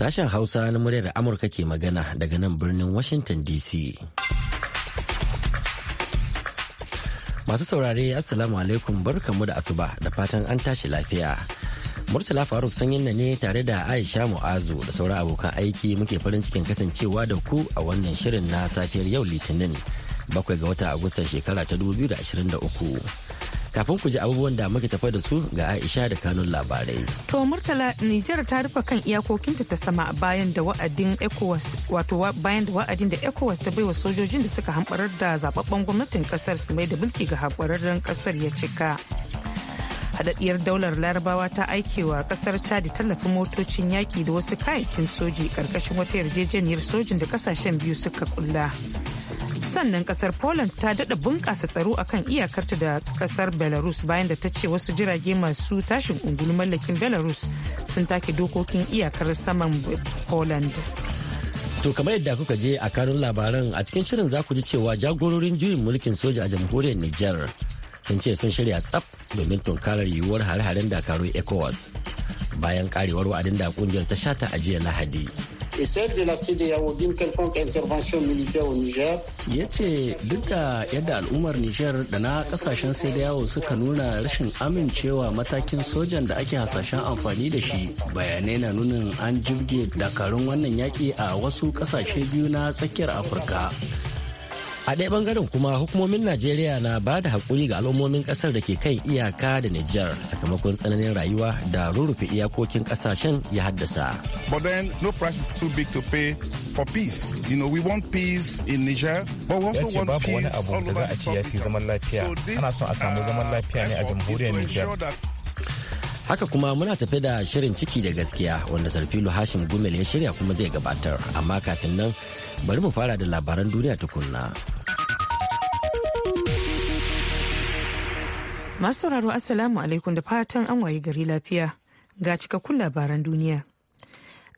Sashen Hausa na muryar Amurka ke magana daga nan birnin Washington DC. Masu saurare Assalamu alaikum barkamu da asuba da fatan an tashi lafiya. Murtala Faruk sanyin na ne tare da Aisha Mu'azu da sauran abokan aiki muke farin cikin kasancewa da ku a wannan shirin na safiyar yau Litinin bakwai ga wata Agusta shekara ta 2023. kafin ku ji abubuwan da muke tafa da su ga aisha da kanun labarai to murtala nijar ta rufe kan iyakokinta ta sama bayan da wa'adin ecowas wato bayan da wa'adin da ecowas ta baiwa sojojin da suka hamɓarar da zababben gwamnatin kasar su mai da mulki ga hamɓararren kasar ya cika haɗaɗɗiyar daular larabawa ta aikewa ƙasar chadi tallafin motocin yaƙi da wasu kayayyakin soji karkashin wata yarjejeniyar sojin da kasashen biyu suka kulla. sannan kasar poland ta dada bunƙasa tsaro akan iyakarta da kasar belarus bayan da ta ce wasu jirage masu tashin ungulu mallakin belarus sun take dokokin iyakar saman poland To kamar yadda kuka je a kanun labaran a cikin shirin za ku ji cewa jagororin juyin mulkin soja a jamhuriyar niger sun ce sun shirya tsaf domin tunkarar yiwuwar hare-haren dakarun ECOWAS bayan karewar wa'adin da kungiyar ta shata a jiya Lahadi. et celle de la CDAO d'une quelconque intervention militaire au Niger. Ya ce duk da yadda al'ummar Niger da na kasashen CDAO suka nuna rashin amincewa matakin sojan da ake hasashen amfani da shi bayanai na nunin an jirge dakarun wannan yaƙi a wasu kasashe biyu na tsakiyar Afirka. a ɗaya bangaren kuma hukumomin najeriya na ba da haƙuri ga al'ummomin ƙasar da ke kan iyaka da nijar sakamakon tsananin rayuwa da rurrufe iyakokin ƙasashen ya haddasa but then babu wani abu da za a ci ya fi zaman lafiya ana son a samu uh, zaman lafiya ne a jamhuriyar niger haka kuma muna tafe da shirin ciki da gaskiya wanda sarfilu hashim gumel ya shirya kuma zai gabatar amma kafin nan bari mu fara da labaran duniya tukunna. Masu sauraro Assalamu alaikum da fatan an waye gari lafiya ga cikakkun labaran duniya.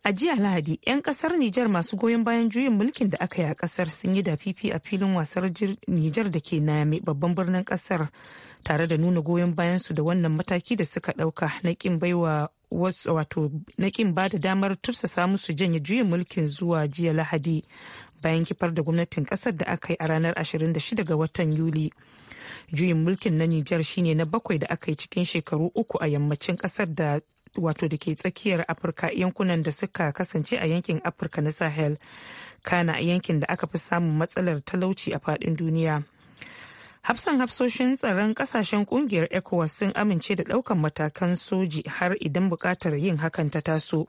A jiya Lahadi, 'yan kasar Nijar masu goyon bayan juyin mulkin da aka yi a kasar sun yi dafifi a filin wasar Nijar da ke na mai babban birnin kasar tare da nuna goyon bayansu da wannan mataki da suka dauka na kin baiwa wato na kin ba da damar tursasa musu janye juyin mulkin zuwa jiya lahadi bayan kifar da gwamnatin kasar da aka yi a ranar 26 ga watan yuli juyin mulkin na nijar shine na bakwai da aka yi cikin shekaru uku a yammacin kasar da wato da ke tsakiyar afirka yankunan da suka kasance a yankin afirka na sahel kana a yankin da aka fi samun matsalar talauci a faɗin duniya hafsan hafsoshin tsaron kasashen kungiyar ecowas sun amince da daukan matakan soji har idan buƙatar yin hakan ta taso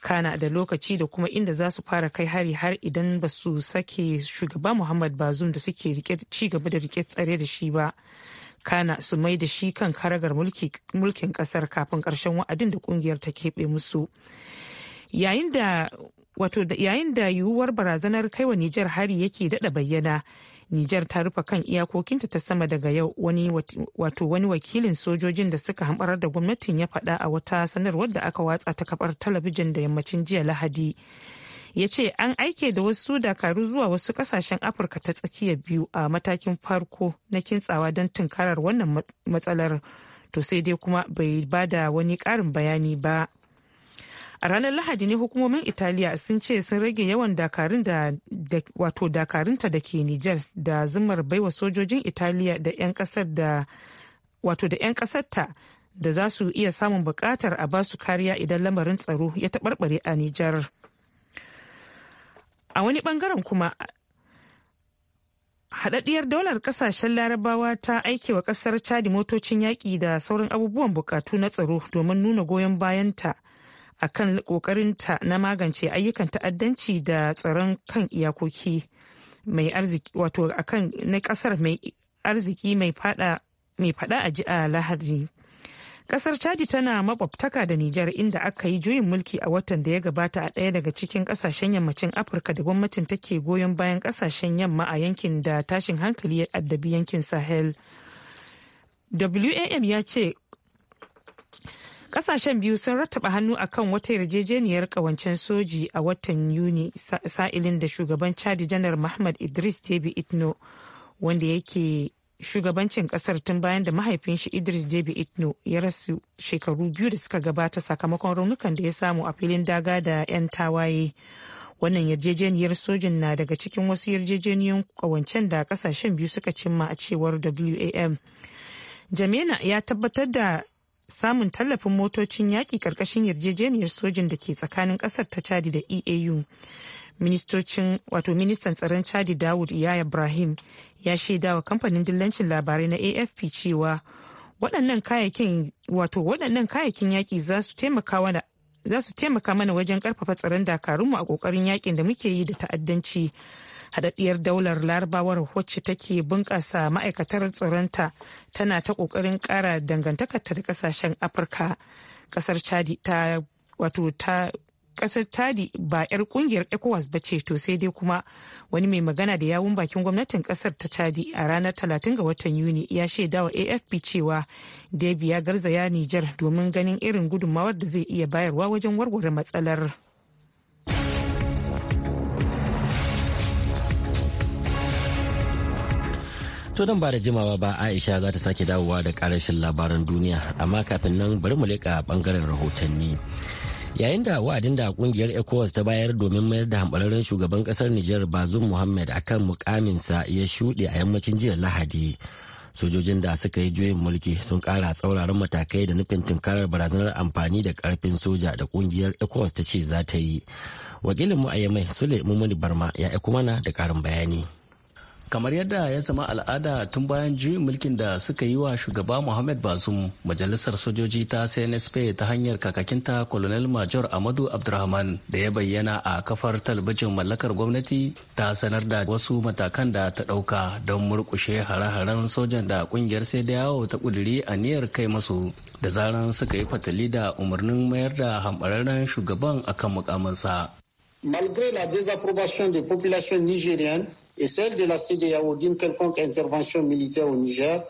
kana da lokaci da kuma inda za su fara kai hari har idan ba su sake shugaba muhammad bazum da suke ci gaba da rike tsare da shi ba kana su mai da shi kan karagar mulkin kasar kafin karshen wa'adin da kungiyar ta keɓe musu yayin da yayin da yiwuwar barazanar kaiwa nijar hari yake daɗa bayyana Nijar ta rufe kan iyakokinta ta sama daga yau wani wato wani wakilin sojojin da suka hanbarar da gwamnatin ya faɗa a wata sanarwar da aka watsa ta kafar talabijin da yammacin jiya Lahadi. Ya ce an aike da wasu dakaru zuwa wasu kasashen Afirka ta tsakiya biyu a matakin farko na kintsawa don tunkarar wannan matsalar. To sai dai kuma bai bada wani ƙarin bayani ba. a ranar lahadi ne hukumomin italiya sun ce sun rage yawan dakarun da wato dakarunta da ke nijar da zumar baiwa sojojin italiya da 'yan kasar da wato da 'yan kasarta da za su iya samun bukatar a basu kariya idan lamarin tsaro ya taɓarɓare a nijar a wani bangaren kuma haɗaɗɗiyar daular ƙasashen larabawa ta aike wa ƙasar chadi motocin yaƙi da sauran abubuwan bukatu na tsaro domin nuna goyon bayanta a kan ƙoƙarinta na magance ayyukan ta'addanci da tsaron kan iyakoki mai arziki wato a kan na ƙasar mai arziki mai faɗa a ji a lahadi Ƙasar chadi tana makwabtaka da nijar inda aka yi juyin mulki a watan da ya gabata a ɗaya daga cikin ƙasashen yammacin afirka da gwamnatin take goyon bayan ƙasashen yamma a yankin da tashin hankali ya addabi yankin sahel wam ya ce Kasashen biyu sun rattaba hannu akan wata yarjejeniyar kawancen soji a watan Yuni sa'ilin da shugaban Chadi janar Mahmad Idris Debi Itno wanda yake shugabancin kasar tun bayan da mahaifin shi Idris Debi Itno ya rasu shekaru biyu da suka gabata sakamakon raunukan da ya samu a filin daga da 'yan tawaye. Wannan yarjejeniyar sojin na daga cikin wasu yarjejeniyar kawancen da kasashen biyu suka cimma a cewar WAM. Jamena ya tabbatar da samun tallafin motocin yaƙi ƙarƙashin yarjejeniyar sojin da ke tsakanin ƙasar ta chadi da eau ministocin wato ministan tsaron chadi dawud ya ibrahim ya shaidawa kamfanin dillancin labarai na afp cewa waɗannan kayakin yaƙi za su taimaka za su taimaka mana wajen karfafa tsaron dakarunmu a ƙoƙarin yakin da muke yi da ta'addanci haɗaɗɗiyar daular larabawar wacce take bunƙasa ma'aikatar tsaronta tana ta kokarin kara dangantakarta da kasashen afirka kasar chadi ta wato ta kasar tadi ba 'yar kungiyar ecowas ba ce to sai dai kuma wani mai magana da yawun bakin gwamnatin kasar ta tadi a ranar talatin ga watan yuni ya shaida wa afp cewa debi ya garzaya nijar domin ganin irin gudunmawar da zai iya bayarwa wajen warware matsalar To dan ba da jimawa ba Aisha za ta sake dawowa da karashin labaran duniya amma kafin nan bari mu leƙa bangaren rahotanni. Yayin da wa'adin da kungiyar ECOWAS ta bayar domin mayar da hambararren shugaban kasar Nijar Bazoum Muhammad akan mukaminsa ya shuɗe a yammacin jiya Lahadi. Sojojin da suka yi juyin mulki sun ƙara tsauraran matakai da nufin tunkarar barazanar amfani da ƙarfin soja da kungiyar ECOWAS ta ce za ta yi. Wakilinmu a Yamai Sule Mumuni Barma ya aiko mana da ƙarin bayani. kamar yadda ya zama al'ada tun bayan juyin mulkin da suka yi wa shugaba muhammad bazum majalisar sojoji ta cnsp ta hanyar kakakinta colonel major amadu abdurrahman da ya bayyana a kafar talabijin mallakar gwamnati ta sanar da wasu matakan da ta ɗauka don murkushe hare-haren sojan da kungiyar sai da yawo ta a niyyar kai masu da zaran suka yi fatali da umarnin mayar da hambararren shugaban akan mukaminsa. Malgré la désapprobation des populations nigériennes, et celle de la CDAO d'une quelconque intervention militaire au Niger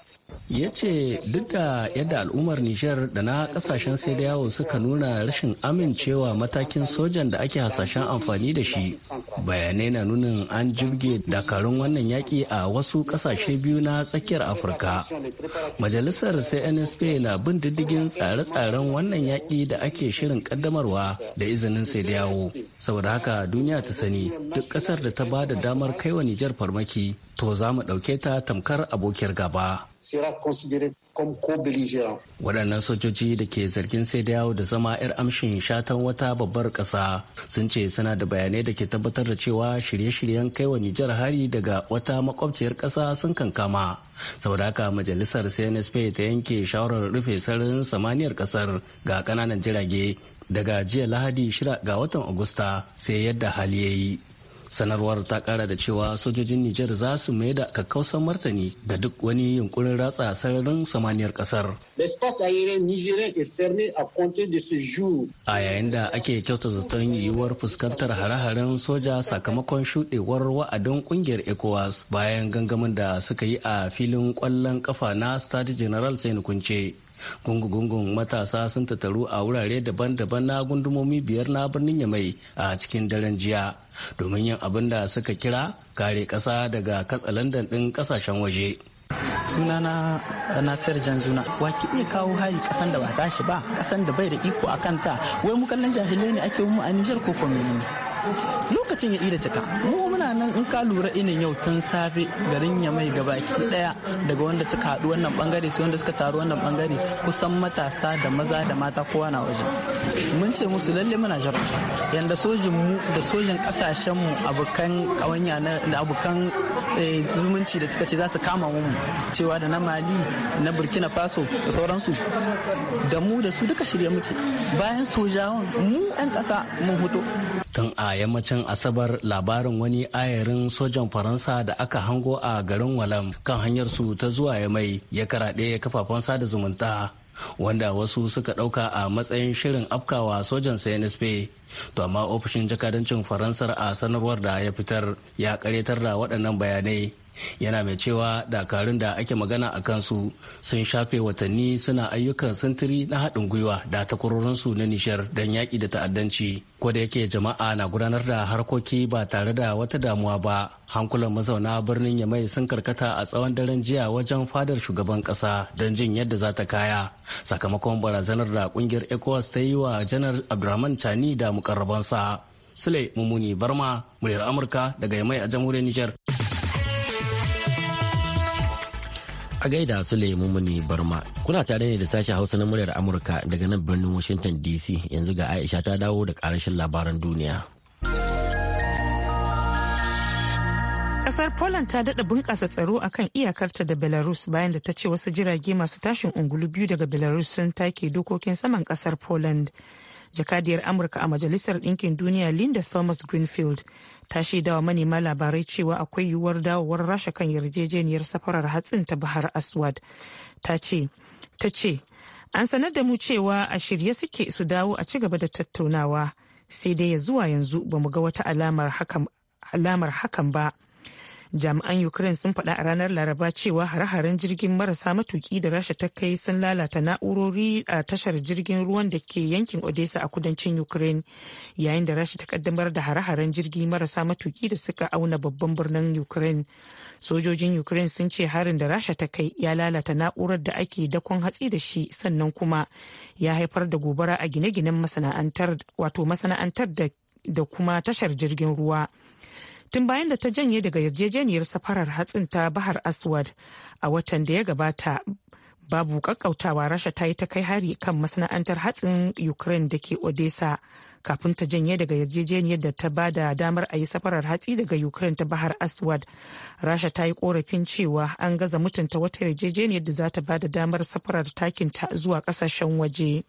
ya ce duk da yadda al'ummar nijar da na kasashen sai da yawo suka nuna rashin amincewa matakin sojan da ake hasashen amfani da shi bayanai na nunin an jirge dakarun wannan yaƙi a wasu ƙasashe biyu na tsakiyar afirka majalisar cnsp na bin diddigin tsare-tsaren wannan yaƙi da ake shirin ƙaddamarwa da izinin sai da yawo saboda haka duniya ta sani duk ƙasar da ta ba da damar kaiwa nijar farmaki to za mu ɗauke ta tamkar abokiyar gaba sera considéré comme co-belligérant. Waɗannan sojoji da ke zargin sai da yawo da zama 'yar amshin shatan wata babbar ƙasa sun ce suna da bayanai da ke tabbatar da cewa shirye-shiryen kai wa Nijar hari daga wata makwabciyar ƙasa sun kankama. saboda haka majalisar CNSP ta yanke shawarar rufe sararin samaniyar ƙasar ga ƙananan jirage daga jiya lahadi shida ga watan agusta sai yadda hali ya yi sanarwar ta kara da cewa sojojin nijar za su mai da kakkausan martani ga duk wani yunkurin ratsa sararin samaniyar kasar a yayin da ake kyauta zaton yiwuwar fuskantar hare-haren soja sakamakon shuɗewar wa'adin ƙungiyar ecowas bayan gangamin da suka yi a filin ƙwallon ƙafa na stade general sai kunce gungu-gungun matasa sun tattaru a wurare daban-daban na gundumomi biyar na birnin yamai a cikin daren jiya domin yin abin da suka kira kare kasa daga katsalandan din kasashen waje sunana nasir janjuna wa iya kawo hari kasan da ba tashi ba kasan da bai da iko a kanta wai mu kallon jahilai ne ake mu a nijar ko kwamini lokacin ya ira cika mu nan in ka lura inin yau tun safe garin ya mai gabaki daya daga wanda suka haɗu wannan bangare sai wanda suka taru wannan bangare kusan matasa da maza da mata kowa na waje mun ce musu lalle muna jarar yanda sojin mu da sojin kasashen mu abokan kawanya na abokan eh, zumunci da suka ce za su kama mu cewa da na mali na burkina faso da sauransu da mu da su duka shirya muke bayan sojawan mu 'yan kasa mun hoto tun a yammacin asabar labarin wani ayarin sojan faransa da aka hango a garin walam kan hanyar su ta zuwa ya mai ya karaɗe kafafen sada zumunta wanda wasu suka ɗauka a matsayin shirin afkawa sojan cnsp to amma ofishin jakadancin faransar a sanarwar da ya fitar ya karetar da waɗannan bayanai yana mai cewa dakarun da ake magana a kansu sun shafe watanni suna ayyukan sintiri na haɗin gwiwa da takwarorinsu na nishar don yaƙi da ta'addanci ko da yake jama'a na gudanar da harkoki ba tare da wata damuwa ba hankulan mazauna birnin yamai sun karkata a tsawon daren jiya wajen fadar shugaban kasa don jin yadda za ta kaya sakamakon barazanar da kungiyar ecowas ta yi wa janar abdurrahman chani da mukarrabansa sule mummuni barma muryar amurka daga yamai a jamhuriyar nijar. A gaida Sule Mumuni Barma, kuna tare ne da sashen Hausa na muryar Amurka daga nan birnin Washington DC yanzu ga Aisha ta dawo da karashin labaran duniya. Kasar Poland ta dada bunƙasa tsaro a kan iyakarta da Belarus bayan da ta ce wasu jirage masu tashin ungulu biyu daga Belarus sun take dokokin saman kasar Poland. Jakadiyar Amurka a Majalisar Ɗinkin Duniya Linda Thomas Greenfield ta wa manema labarai cewa akwai yiwuwar dawowar rasha kan yarjejeniyar safarar hatsin ta bahar aswad ta ce ta ce an sanar da mu cewa a shirye suke su dawo a ci gaba da tattaunawa sai dai ya zuwa yanzu ba mu ga wata alamar hakan ba jami'an ukraine sun faɗa a ranar laraba cewa hare-haren jirgin marasa matuki da rasha ta kai sun lalata na'urori a tashar jirgin ruwan da ke yankin odessa a kudancin ukraine yayin da rasha ta kaddamar da hare-haren jirgi marasa matuki da suka auna babban birnin ukraine sojojin ukraine sun ce harin da rasha ta kai ya lalata na'urar da ake dakon hatsi da shi sannan kuma ya haifar da gobara a gine-ginen masana'antar wato masana'antar da kuma tashar jirgin ruwa. tun bayan da ta janye daga yarjejeniyar safarar hatsin ta bahar aswad a watan da ya gabata babu kakkautawa rasha ta yi ta kai hari kan masana'antar hatsin ukraine da ke odessa kafin ta janye daga yarjejeniyar da ta bada damar a yi safarar hatsi daga ukraine ta bahar aswad rasha ta yi korafin cewa an gaza mutunta wata yarjejeniyar da za ta bada damar safarar takin ta zuwa kasashen waje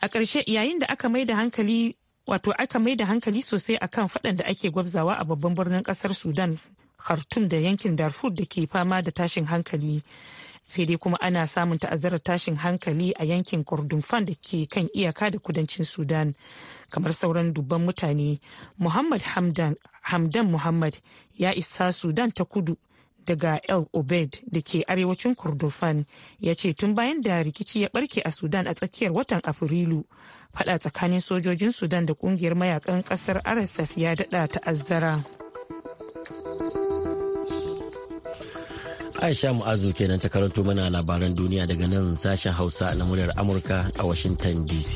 a ƙarshe yayin da aka mai da hankali wato aka mai da hankali sosai a kan faɗan da ake gwabzawa a babban birnin ƙasar sudan khartoum da yankin darfur da ke fama da tashin hankali sai dai kuma ana samun ta'azzarar tashin hankali a yankin kordofan da ke kan iyaka da kudancin sudan kamar sauran dubban mutane muhammad hamdan, hamdan muhammad ya isa sudan ta kudu daga el obed da ke arewacin kordofan ya ce tun bayan da rikici ya barke a sudan a tsakiyar watan afrilu Fada tsakanin sojojin Sudan da kungiyar mayakan kasar RSF ya dada ta'azzara. Aisha Mu'azu kenan ta karanto mana labaran duniya daga nan sashen Hausa na muryar Amurka a Washington DC.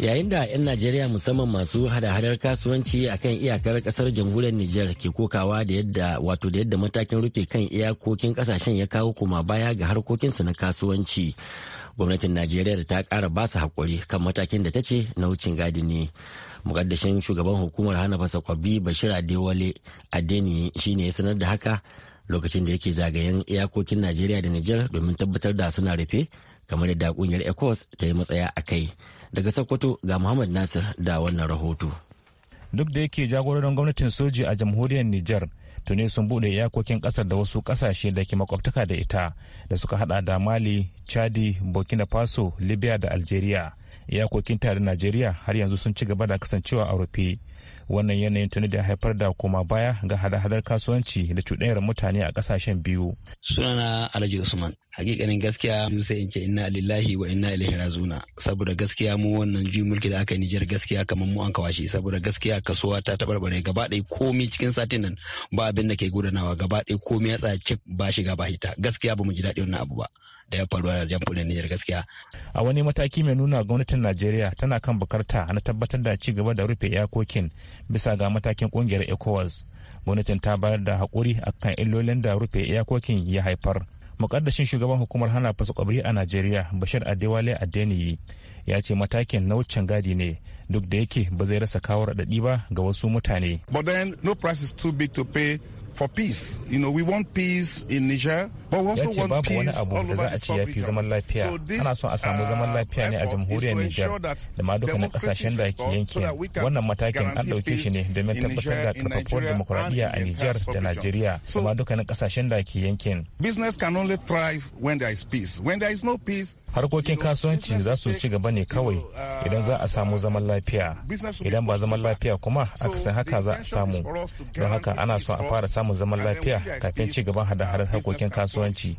yayin da 'yan najeriya musamman masu hada-hadar kasuwanci a kan iyakar kasar jamhuriyar niger ke kokawa da yadda wato da yadda matakin rufe kan iyakokin kasashen ya kawo koma baya ga harkokinsu na kasuwanci gwamnatin najeriya da ta kara ba su haƙuri kan matakin da ta ce na wucin gadi ne mukaddashin shugaban hukumar hana fasa kwabi bashir adewale adeni shine ya sanar da haka lokacin da yake zagayen iyakokin najeriya da niger domin tabbatar da suna rufe kamar yadda kungiyar ecos ta yi matsaya a kai daga sokoto ga muhammad nasir da wannan rahoto duk da yake jagororin gwamnatin soji a jamhuriyar niger tuni sun bude iyakokin kasar da wasu kasashe da ke makwabtaka da ita da suka hada da mali chadi burkina faso libya da algeria iyakokin tare najeriya har yanzu sun ci gaba da kasancewa a rufe wannan yanayin tuni da haifar da koma baya ga hada-hadar kasuwanci da cuɗanyar mutane a ƙasashen biyu. sunana alhaji usman hakikanin gaskiya sai in ce inna lillahi wa inna ilaihi razuna saboda gaskiya mu wannan ji mulki da aka yi nijar gaskiya kamar mu an kawashi saboda gaskiya kasuwa ta tabarbare gaba ɗaya komai cikin satin nan ba abin da ke gudanawa gaba ɗaya komai ya tsaya cik ba shiga ba hita gaskiya ba mu ji daɗi wannan abu ba. da ya faru a gaskiya. A wani mataki mai nuna gwamnatin Najeriya tana kan bukarta na tabbatar da ci gaba da rufe iyakokin bisa ga matakin kungiyar ECOWAS. Gwamnatin ta bayar da haƙuri akan illolin da rufe iyakokin ya haifar. Mukaddashin shugaban hukumar hana kwabri a Najeriya Bashir Adewale Adeniyi ya ce matakin na wucin gadi ne duk da yake ba zai rasa kawo raɗaɗi ba ga wasu mutane. But then no price is too big to pay for peace. You know, we want peace in Niger, but we also want peace all over the sub-region. zaman lafiya. Ana son a samu zaman uh, lafiya ne a jamhuriyar Niger da ma dukkanin kasashen da ke yankin. Wannan matakin an ɗauke shi ne domin tabbatar da karfafuwar demokuraɗiyya a Niger da Najeriya da ma dukkanin kasashen da ke yankin. Business can only thrive when there is peace. When there is no peace, harkokin kasuwanci za su ci gaba ne kawai uh, idan za a samu zaman uh, lafiya. Idan ba zaman lafiya kuma aka san haka za a samu. Don haka ana so a fara samun samun zaman lafiya kafin ci gaban hada-hadar harkokin kasuwanci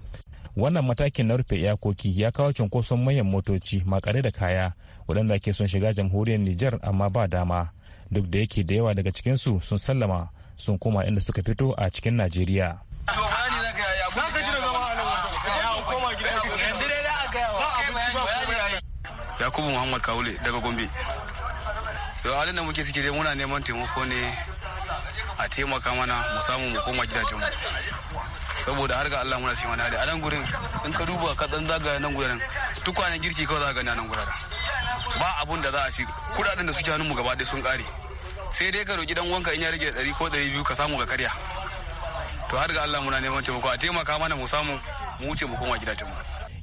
wannan matakin na rufe iyakoki ya kawo cunkoson manyan motoci makare da kaya waɗanda ke son shiga jamhuriyar nijar amma ba dama duk da yake da yawa daga cikinsu sun sallama sun koma inda suka fito a cikin najeriya yakubu muhammad kawule daga gombe yau halin da muke suke dai muna neman taimako ne a taimaka mana mu samu mu koma gidajen mu saboda har ga Allah muna sai wani hali a nan gurin in ka duba ka dan zaga nan gurin tukwanen girki kawai za ka gani a nan gurin ba abun da za a ci kudaden da suke hannun mu gaba dai sun kare sai dai ka roki dan wanka in ya rage ɗari ko ɗari biyu ka samu ka karya to har ga Allah muna neman taimako a taimaka mana mu samu mu wuce mu koma gidajen mu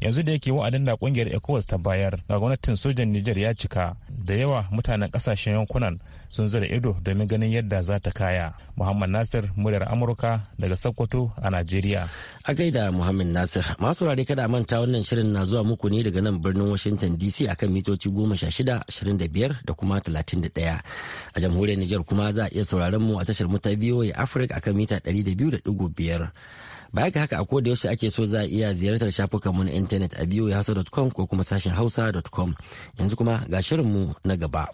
yanzu da yake wa'adin da kungiyar ecowas ta bayar ga gwamnatin sojan niger ya cika da yawa mutanen kasashen yankunan sun zura ido domin ganin yadda za ta kaya muhammad nasir muryar amurka daga sokoto a nigeria. a gaida muhammad nasir masu rari kada manta wannan shirin na zuwa muku ne daga nan birnin washington dc akan mitoci goma sha shida ashirin da biyar da kuma talatin da ɗaya a jamhuriyar niger kuma za a iya sauraron mu a tashar mu ta voa africa akan mita ɗari da biyu da ɗigo biyar Ba ka haka a koda yaushe ake so za a iya ziyartar shafukanmu na intanet a voahausa.com ko kuma sashen hausa.com. Yanzu kuma ga shirinmu na gaba.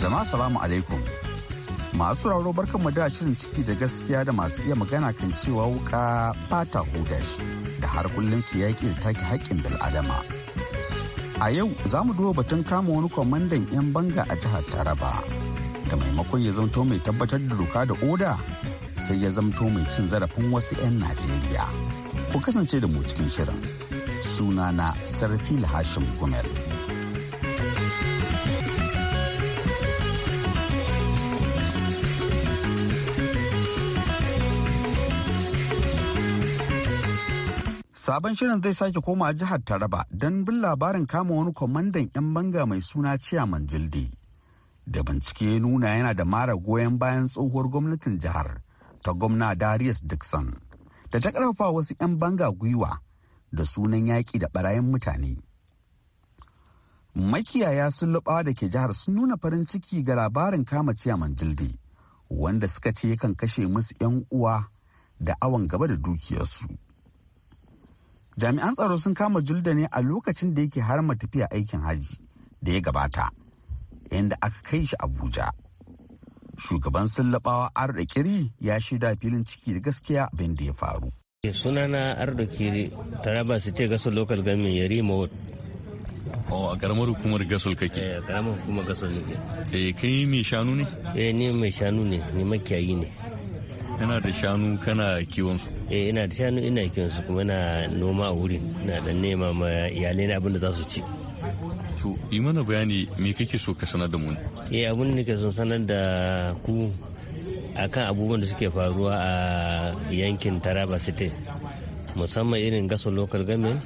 Jama'a salamu alaikum. masu barkan mu da shirin ciki da gaskiya da masu iya magana kan cewa wuka bata hudashi. da har kullum ke yaƙi da take haƙƙin bil'adama a yau za mu duba batun kama wani kwamandan 'yan banga a jihar taraba da maimakon ya zamto mai tabbatar da doka da oda sai ya zamto mai cin zarafin wasu 'yan najeriya ku kasance da mu cikin shirin sunana sarfil hashim gumel. Sabon shirin zai sake koma jihar Taraba don bin labarin kama wani kwamandan 'yan banga mai suna Ciyaman Jildi. Da bincike ya nuna yana da mara goyon bayan tsohuwar gwamnatin jihar ta gwamna Darius Dixon da ta karfafa wasu 'yan banga gwiwa da sunan yaƙi da barayin mutane. Makiyaya sun luɓa da ke jihar sun nuna farin ciki ga labarin kama Ciyaman Jildi wanda suka ce yakan kashe musu 'yan uwa da awon gaba da dukiyarsu. jami'an tsaro sun kama julda ne a lokacin da yake har tafiya aikin haji da ya gabata inda aka kai shi abuja shugaban sallabawa arda kiri ya shaida filin ciki da gaskiya abin da ya faru eh, sunana arda kiri taraba su ce gasar local government yari rima Oh, a karamar hukumar gasol kake? Eh, a karamar hukumar gasol nake. E, kai mai shanu ne? Eh, ni mai shanu ne, ni makiyayi ne. Kana da shanu kana kiwon su? Eh ina da shanu ina kiwon su kuma ina noma a wurin ina dan nema ma iyalai na abin da za su ci. To yi mana bayani me kake so ka sanar da mu? Eh abin da son sanar da ku akan abubuwan da suke faruwa a yankin Taraba city musamman irin gaso local government,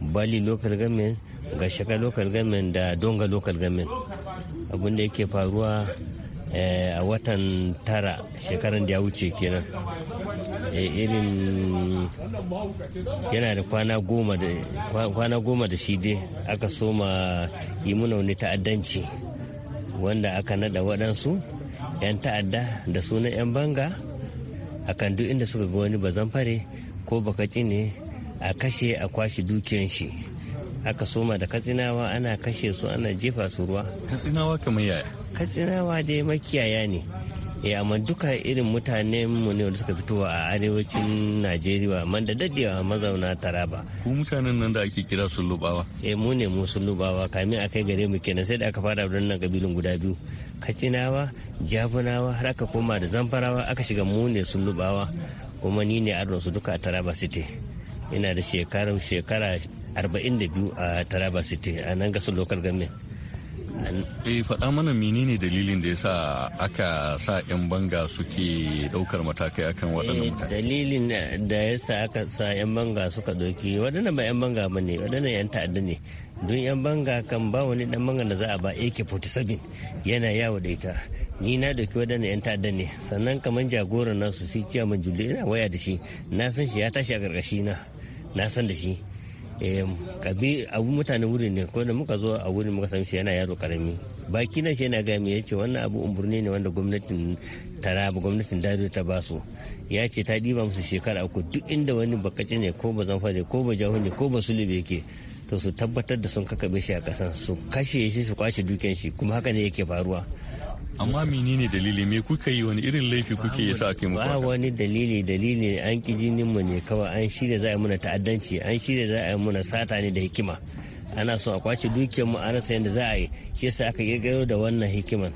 Bali local government, Gashaka local government da Donga local government. Abin da yake faruwa Eh, a watan tara shekaran da ya wuce kenan eh, irin yana da kwana goma da shi dai aka soma yi muna wani ta'addanci wanda aka nada waɗansu 'yan ta'adda da sunan 'yan banga a kan duk inda suka ga wani bazan fare ko bakaci ne a kashe a kwashe dukiyan shi aka soma da katsinawa ana kashe su ana jefa su ruwa katsinawa kamar yaya katsinawa dai makiyaya ne ya eh, amma duka irin mutanen mu ne wanda suka fito a arewacin najeriya man da daddewa mazauna taraba ku mutanen nan da ake kira sun lubawa eh mu ne mu sun lubawa kamin a kai gare mu kenan sai da aka fara wannan kabilun guda biyu Katsinawa, jabunawa har aka koma da zamfarawa aka shiga mu ne sun lubawa kuma ni ne arnon su duka a taraba city ina da shekarar shekara 42 a taraba city a nan gasar local government e faɗa mana menene dalilin da ya sa aka sa 'yan banga suke ɗaukar matakai akan waɗannan eh, mutane dalilin da ya sa aka sa 'yan banga suka ɗauki waɗannan ba 'yan banga ba ne waɗannan 'yan ta'adda ne don 'yan banga kan ba wani ɗan banga da za a ba ak-47 yana yawo da ita ni na dauki waɗannan 'yan ta'adda ne sannan kamar jagoran nasu ci ciyaman jule ina waya da shi na san shi ya tashi a ƙarƙashi na na san da shi Eh, kabi abu mutane wuri ne ko da muka zo a wurin muka san shi yana yaro karami baki na shi yana ga ya ce wannan abu umburni ne wanda gwamnatin taraba gwamnatin dado ta ba su ya ce ta diba musu shekara uku duk inda wani bakaci ne ko ba zamfare ko ba jahu ne ko ba sulube yake to su tabbatar da sun kakabe shi a kasan su kashe shi su kwashe duken shi kuma haka ne yake faruwa amma menene dalili me kuka yi wani irin laifi kuke yasa aka muku ba wani dalili dalili an ki jinin mu ne kawai an shirya za a yi muna ta'addanci an shirya za a yi muna sata ne da hikima ana so a kwace dukiyar mu an rasa yadda za a yi shi yasa aka kirkiro da wannan hikiman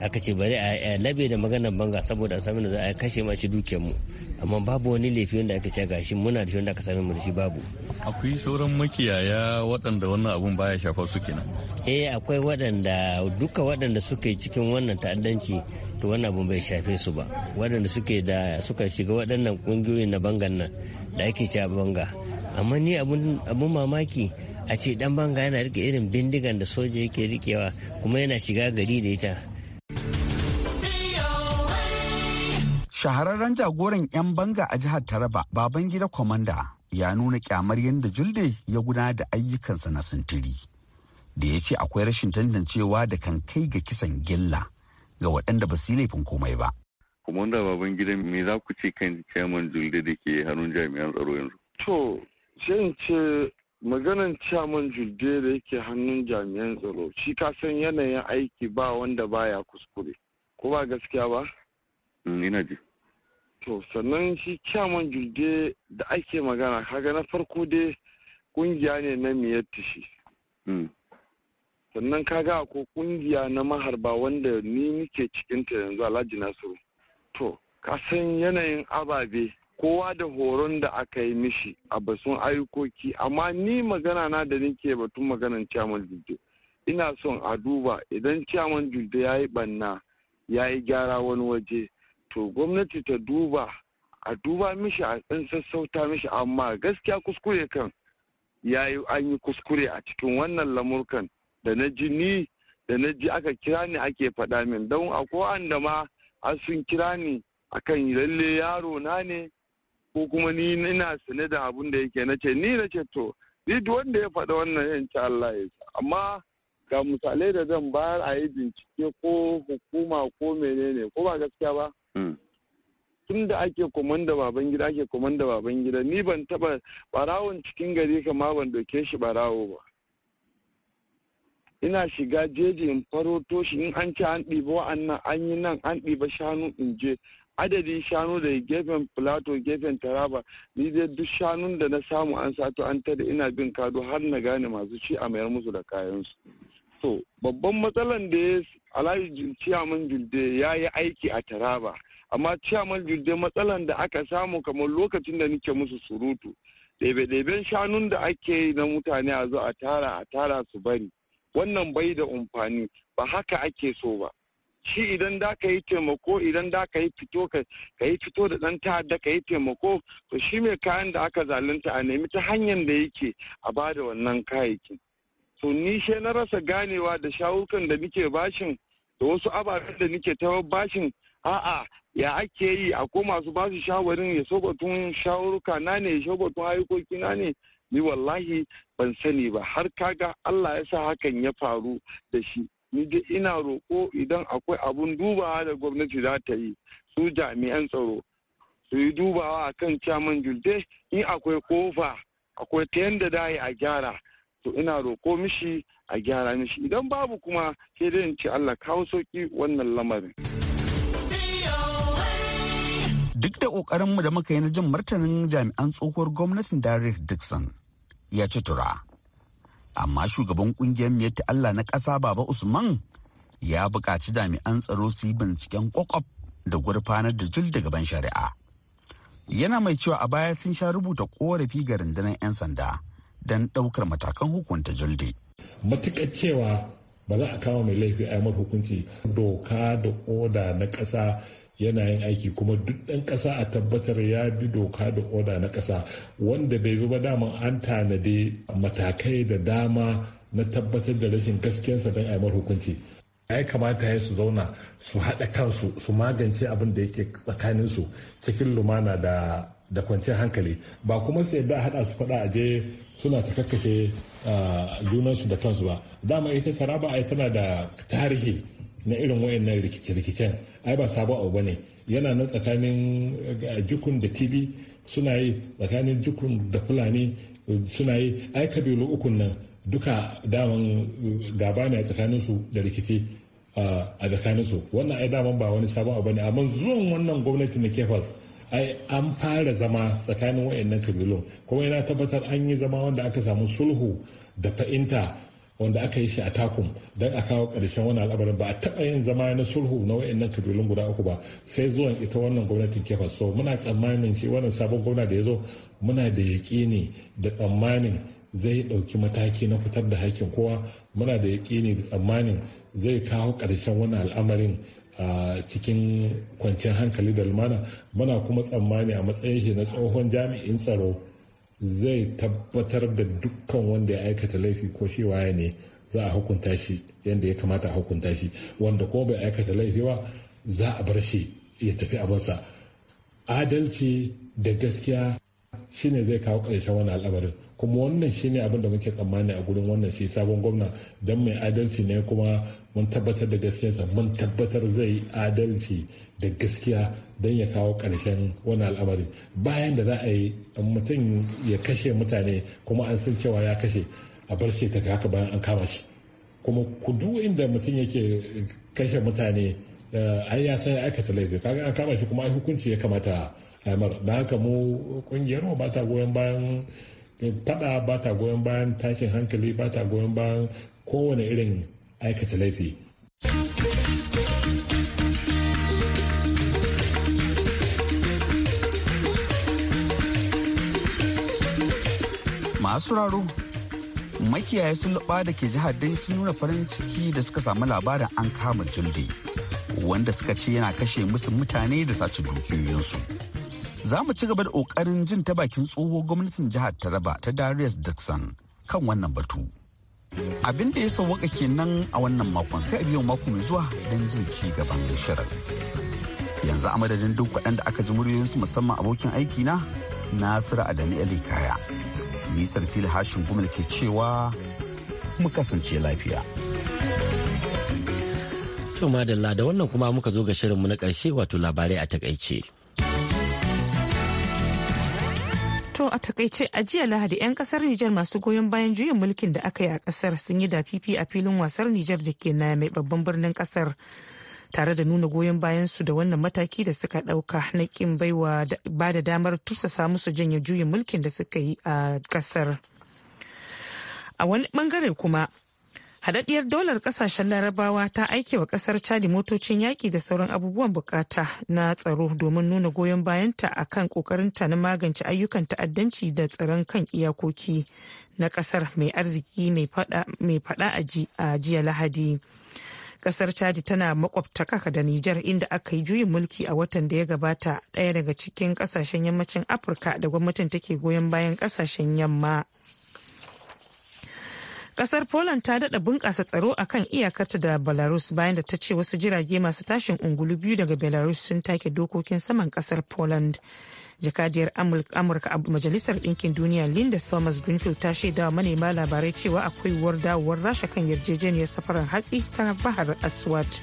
aka ce bari a labe da maganar banga saboda a samu da za a kashe mashi dukiyar mu amma babu wani laifi wanda aka ce gashi muna da shi wanda aka same mu da shi babu akwai sauran makiyaya waɗanda wannan abun baya shafa su kenan eh akwai waɗanda duka waɗanda suke cikin wannan ta'addanci to wannan abun bai shafe su ba waɗanda suke da suka shiga waɗannan ƙungiyoyin na bangan nan da ake ci banga amma ni abun mamaki a ce dan banga yana rike irin bindigan da soja yake rikewa kuma yana shiga gari da ita shahararren jagoran 'yan banga a jihar taraba baban gida kwamanda ya nuna kyamar yadda julde ya gudanar da ayyukansa na sintiri da ya ce akwai rashin tantancewa da kan kai ga kisan gilla ga waɗanda ba su laifin komai ba kwamanda baban gida me za ku ce kan ciyaman julde da ke hannun jami'an tsaro yanzu to sai in ce maganan ciyaman julde da yake hannun jami'an tsaro shi ka san yanayin aiki ba wanda baya kuskure ko ba gaskiya ba mm, ina ji to sannan shi chairman julde da ake magana kaga na farko dai kungiya ne na miyar shi mm. sannan kaga ko kungiya na maharba wanda ni nike cikinta yanzu alhaji nasiru to kasan yanayin ababe kowa da horon da aka yi mishi a basun ayyukoki amma ni magana na da nike batun maganan ciyaman julde ina son a duba idan ciyaman julde ya yi banna ya yi gyara wani waje to gwamnati ta duba a duba mishi a ɗan sassauta mishi amma gaskiya kuskure kan ya yi an yi kuskure a cikin wannan lamurkan da na ji ni da na ji aka kira ni ake faɗa min don akwai da ma an sun kira ni akan lalle yaro na ne ko kuma ni ina sane da abun da yake na ce ni na ce to ni wanda ya faɗa wannan yanci Allah ya amma ga misalai da zan bayar a yi bincike ko hukuma ko menene ko ba gaskiya ba hmm. tun da ake komanda baban gida ake komanda baban gida ni ban taba barawon cikin gari kama ban doke shi barawo ba ina shiga jeji in faro toshi in an ci an ɗiba wa'annan an yi nan an ɗiba shanu in je adadin shanu da gefen plato gefen taraba ni dai duk shanun da na samu an sato an tada ina bin kado har na gane masu ci a mayar musu da kayansu To, babban matsalan da ya Alhaji Ciyaman Julde ya yi aiki a Taraba, amma Ciyaman Julde matsalan da aka samu kamar lokacin da nike musu surutu, ɗebe-ɗeben shanun da ake yi na mutane a zo a tara a tara su bari. Wannan bai da umfani ba haka ake so ba. Shi idan da ka yi taimako idan da ka yi fito ka yi fito da ɗan ta'adda ka yi taimako to shi mai kayan da aka zalunta a nemi ta hanyar da yake a ba da wannan kayayyakin. to ni she na rasa ganewa da shawukan da nike bashin da wasu ababen da nike ta bashin a'a ya ake yi a ko masu basu shawarin ya batun shawuruka na ne ya batun ayyukoki na ne ni wallahi ban sani ba har kaga Allah ya sa hakan ya faru da shi ni dai ina roƙo idan akwai abun dubawa da gwamnati za ta yi su jami'an tsaro su yi dubawa akan caman julde in akwai kofa akwai ta yadda da a gyara to ina roko mishi a gyara mishi idan babu kuma sai dai in ci Allah kawo sauki wannan lamarin. Duk da ƙoƙarinmu da muka yi na jin martanin jami'an tsohuwar gwamnatin Derek Dixon ya ci tura. Amma shugaban ƙungiyar miyar Allah na ƙasa Baba Usman ya buƙaci jami'an tsaro su yi binciken kwakwaf da gurfanar da jul da gaban shari'a. Yana mai cewa a baya sun sha rubuta ƙorafi ga rundunar 'yan sanda. don ɗaukar matakan hukunta julde. Matuƙar cewa ba za a kama mai laifi a yamar hukunci doka da oda na ƙasa yana yin aiki kuma duk ɗan ƙasa a tabbatar ya bi doka da oda na ƙasa wanda bai bi ba daman an tanadi matakai da dama na tabbatar da rashin gaskiyarsa don aimar hukunci ya kamata ya su zauna su haɗa kansu su magance abin da yake tsakaninsu cikin lumana da da kwanciyar hankali ba kuma su yadda haɗa su faɗa a je suna ta kakkashe ah, junansu da kansu ba dama ita taraba ai tana da tarihi na irin wayannan rikice-rikicen ai ba sabon abu bane yana na tsakanin ah, jukun da tibi suna yi tsakanin jukun da fulani suna yi ai kabilu ukun nan duka daman ah, gaba ne tsakanin su da rikici a tsakanin su wannan ai daman ba wani sabon abu ne amma zuwan wannan gwamnati na kefas ai an fara zama tsakanin wayannan kabilun kuma yana tabbatar an yi zama wanda aka samu sulhu da fa'inta wanda aka yi shi a takum don a kawo ƙarshen wani al'amarin ba a taɓa yin zama na sulhu na wayannan kabilun guda uku ba sai zuwan ita wannan gwamnatin kefa so muna tsammanin shi wannan sabon gwamna da ya zo muna da yaƙini da tsammanin zai ɗauki mataki na fitar da haƙƙin kowa muna da yaƙini da tsammanin zai kawo ƙarshen wani al'amarin a cikin kwanciyar hankali da lumana muna kuma tsammani a matsayin shi na tsohon jami'in tsaro zai tabbatar da dukkan wanda ya aikata laifi ko shi waye ne za a hukunta shi yadda ya kamata a hukunta shi wanda ko bai aikata laifi ba za a bar shi ya tafi a masa adalci da gaskiya shine zai kawo ƙarshen wani al'amarin kuma wannan shine abin da muke tsammani a gurin wannan shi sabon gwamna don mai adalci ne kuma mun tabbatar da gaskiyarsa mun tabbatar zai adalci da gaskiya don ya kawo ƙarshen wani al'amari bayan da za a yi mutum ya kashe mutane kuma an san cewa ya kashe a bar shi ta haka bayan an kama shi kuma ku duk inda mutum yake kashe mutane eh, ai ya san ya aikata laifi kaga an kama shi kuma ai hukunci ya kamata a da haka mu kungiyar mu ba ta goyon bayan fada ba ta goyon bayan tashin hankali ba ta goyon bayan kowane irin aikata laifi masu raro makiyaya sun luɓa da ke jihar dai sun nuna farin ciki da suka samu labarin an kama julde wanda suka ce yana kashe musu mutane da sace dukiyoyinsu za mu ci gaba da ƙoƙarin jin ta bakin tsoho gwamnatin jihar taraba ta darius dixon kan wannan batu abin da ya sauwaka kenan a wannan makon sai a biyan mako mai zuwa don jin ci gaban shirin yanzu a madadin duk waɗanda aka ji muryoyinsu musamman abokin aiki na nasiru Adani ali kaya nisan hashin gumal ke cewa mu kasance lafiya to da wannan kuma muka zo ga shirinmu na ƙarshe wato labarai a takaice. To a takaice a jiya Lahadi 'yan kasar Nijar masu goyon bayan juyin mulkin da aka yi a kasar sun yi dafifi a filin wasar Nijar da ke na mai babban birnin kasar. Tare da nuna goyon bayan su da wannan mataki da suka dauka na kin baiwa ba da damar tursasa musu janye juyin mulkin da suka yi a kasar. A wani bangare kuma Hadaddiyar dolar kasashen larabawa ta aike wa kasar Chadi motocin yaƙi da sauran abubuwan bukata na tsaro domin nuna goyon bayanta a kan ƙoƙarinta na magance ayyukan ta'addanci da tsaron kan iyakoki na kasar mai arziki mai faɗa a jiya Lahadi. Kasar Chadi tana makwabtaka da Nijar inda aka yi juyin mulki a watan da ya gabata ɗaya daga cikin kasashen yammacin Afirka da gwamnatin take goyon bayan kasashen yamma. Kasar Poland ta dada bunƙasa tsaro akan iyakarta da Belarus bayan da ta ce wasu jirage masu tashin ungulu biyu daga Belarus sun take dokokin saman kasar Poland. Jakadiyar Amurka a Majalisar Ɗinkin Duniya Linda Thomas Greenfield ta shaidawa manema labarai cewa akwai war dawowar Rasha kan yarjejeniyar safarar hatsi ta Bahar Aswat.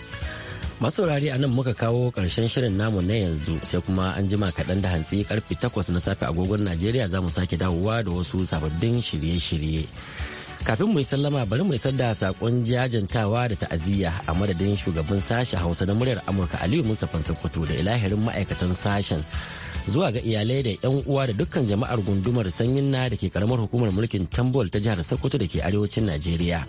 masaurari a nan muka kawo karshen shirin namu na yanzu sai kuma an jima kaɗan da hantsi karfe takwas na safe agogon najeriya za mu sake dawowa da wasu sababbin shirye-shirye kafin mu yi sallama bari mu isar da sakon jajantawa da ta'aziyya a madadin shugaban sashen hausa na muryar amurka aliyu mustapha sokoto da ilahirin ma'aikatan sashen zuwa ga iyalai da yan uwa da dukkan jama'ar gundumar sanyin na da ke karamar hukumar mulkin tambol ta jihar sokoto da ke arewacin najeriya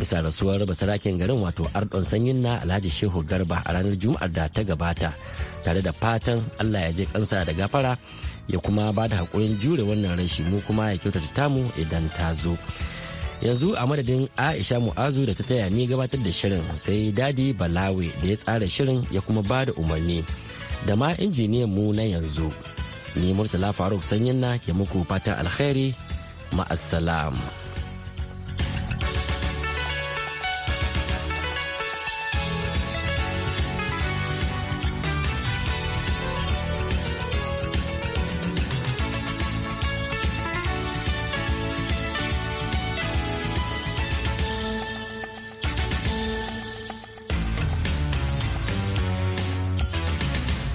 bisa rasuwar basarakin garin wato ardon sanyin na alhaji shehu garba a ranar juma'ar da ta gabata tare da fatan allah ya je kansa da gafara ya kuma ba da haƙurin jure wannan rashi mu kuma ya kyautata tamu idan ta zo. yanzu a madadin aisha mu'azu da ta taya ni gabatar da shirin sai dadi balawe da ya tsara shirin ya kuma ba da umarni da ma injiniyan mu na yanzu ni murtala faruk sanyin na ke muku fatan alkhairi ma'assalam.